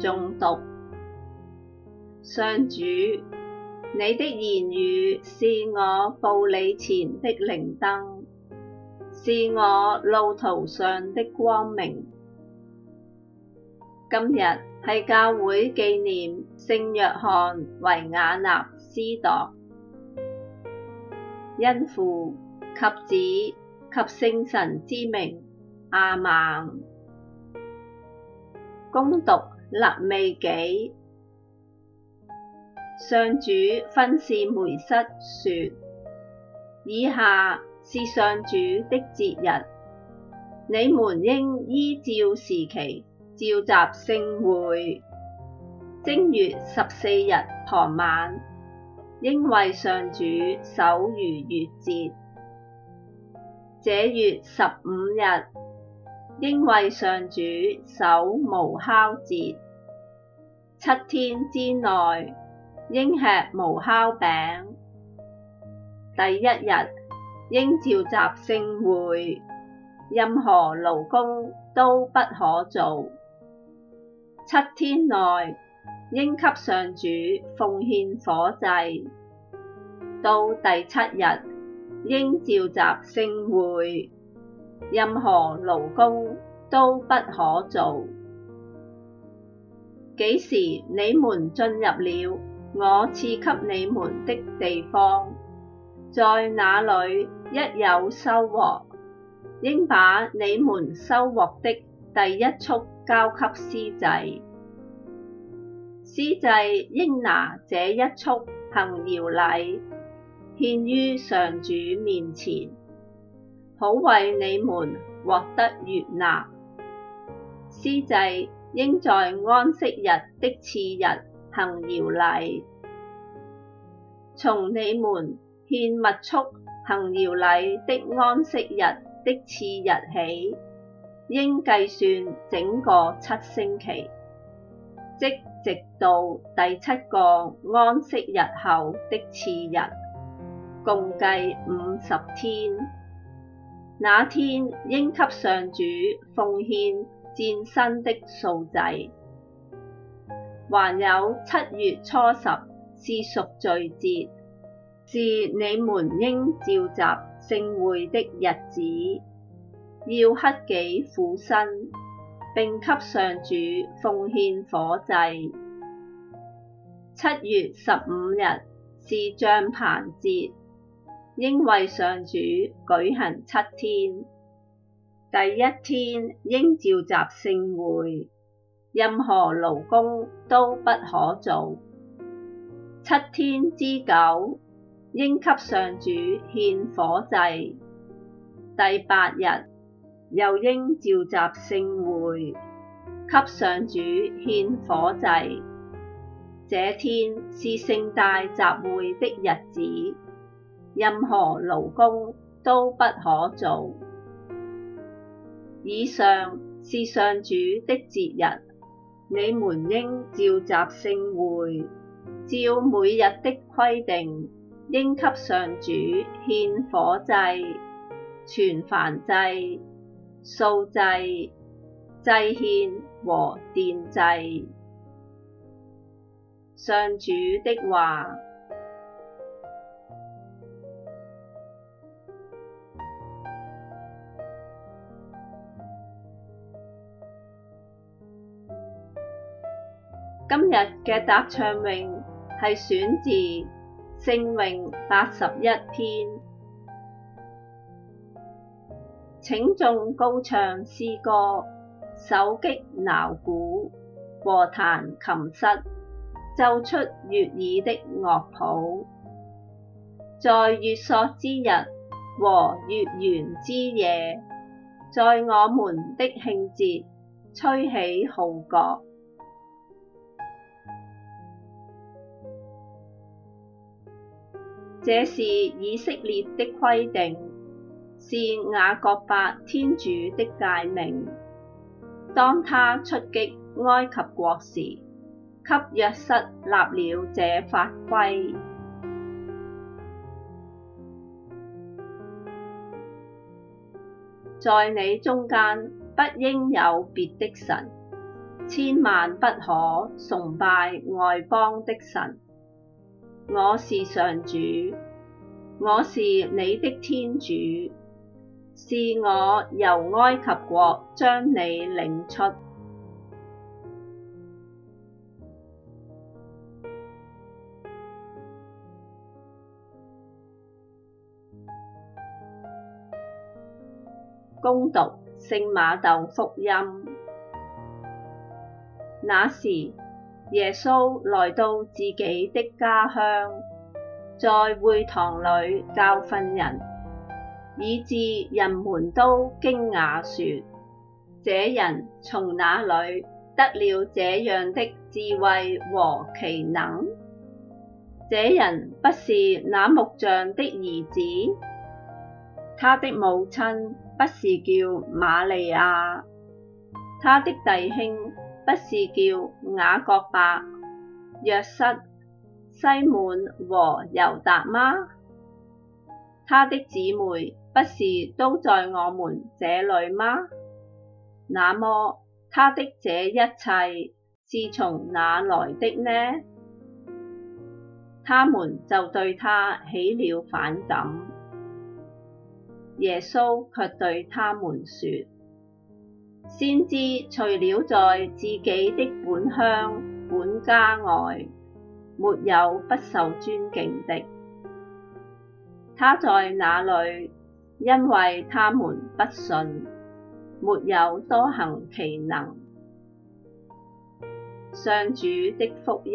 誦讀。上主，你的言語是我步履前的靈燈，是我路途上的光明。今日係教會紀念聖若翰維雅納司鐸，因父及子及聖神之名，阿孟。恭讀。肋未紀，上主訓示梅瑟説：以下是上主的節日，你們應依照時期召集聖會。正月十四日傍晚，應為上主守逾越節。這月十五日。應為上主守無酵節，七天之內應吃無酵餅。第一日應召集聖會，任何勞工都不可做。七天內應給上主奉獻火祭，到第七日應召集聖會。任何勞工都不可做。幾時你們進入了我賜給你們的地方，在那裏一有收穫，應把你們收穫的第一束交給司祭，司祭應拿這一束行搖禮，獻於上主面前。好為你們獲得悅納，司祭應在安息日的次日行搖禮。從你們獻麥束行搖禮的安息日的次日起，應計算整個七星期，即直到第七個安息日後的次日，共計五十天。那天應給上主奉獻薦新的素祭，還有七月初十是贖罪節，是你們應召集聖會的日子，要克己苦身，並給上主奉獻火祭。七月十五日是帳棚節。應為上主舉行七天，第一天應召集聖會，任何勞工都不可做。七天之久，應給上主獻火祭。第八日又應召集聖會，給上主獻火祭。這天是盛大集會的日子。任何勞工都不可做。以上是上主的節日，你們應召集聖會，照每日的規定，應給上主獻火祭、全燔祭、素祭、祭獻和奠祭。上主的話。今日嘅答唱詠，係選自《聖詠》八十一篇。請眾高唱詩歌，手擊鐃鼓和彈琴瑟，奏出悅耳的樂譜。在月朔之日和月圓之夜，在我們的慶節，吹起號角。這是以色列的規定，是雅各伯天主的誡命。當他出擊埃及國時，給若瑟立了這法規：在你中間不應有別的神，千萬不可崇拜外邦的神。我是上主，我是你的天主，是我由埃及國將你領出。恭讀聖馬竇福音。那時。耶穌來到自己的家鄉，在會堂裏教訓人，以致人們都驚訝說：這人從哪裏得了這樣的智慧和奇能？這人不是那木匠的兒子，他的母親不是叫瑪利亞，他的弟兄。不是叫雅各伯、若瑟、西滿和猶達嗎？他的姊妹不是都在我們這裏嗎？那麼他的這一切是從哪來的呢？他們就對他起了反感。耶穌却對他們說。先知除了在自己的本鄉本家外，沒有不受尊敬的。他在那裏，因為他們不信，沒有多行奇能。上主的福音。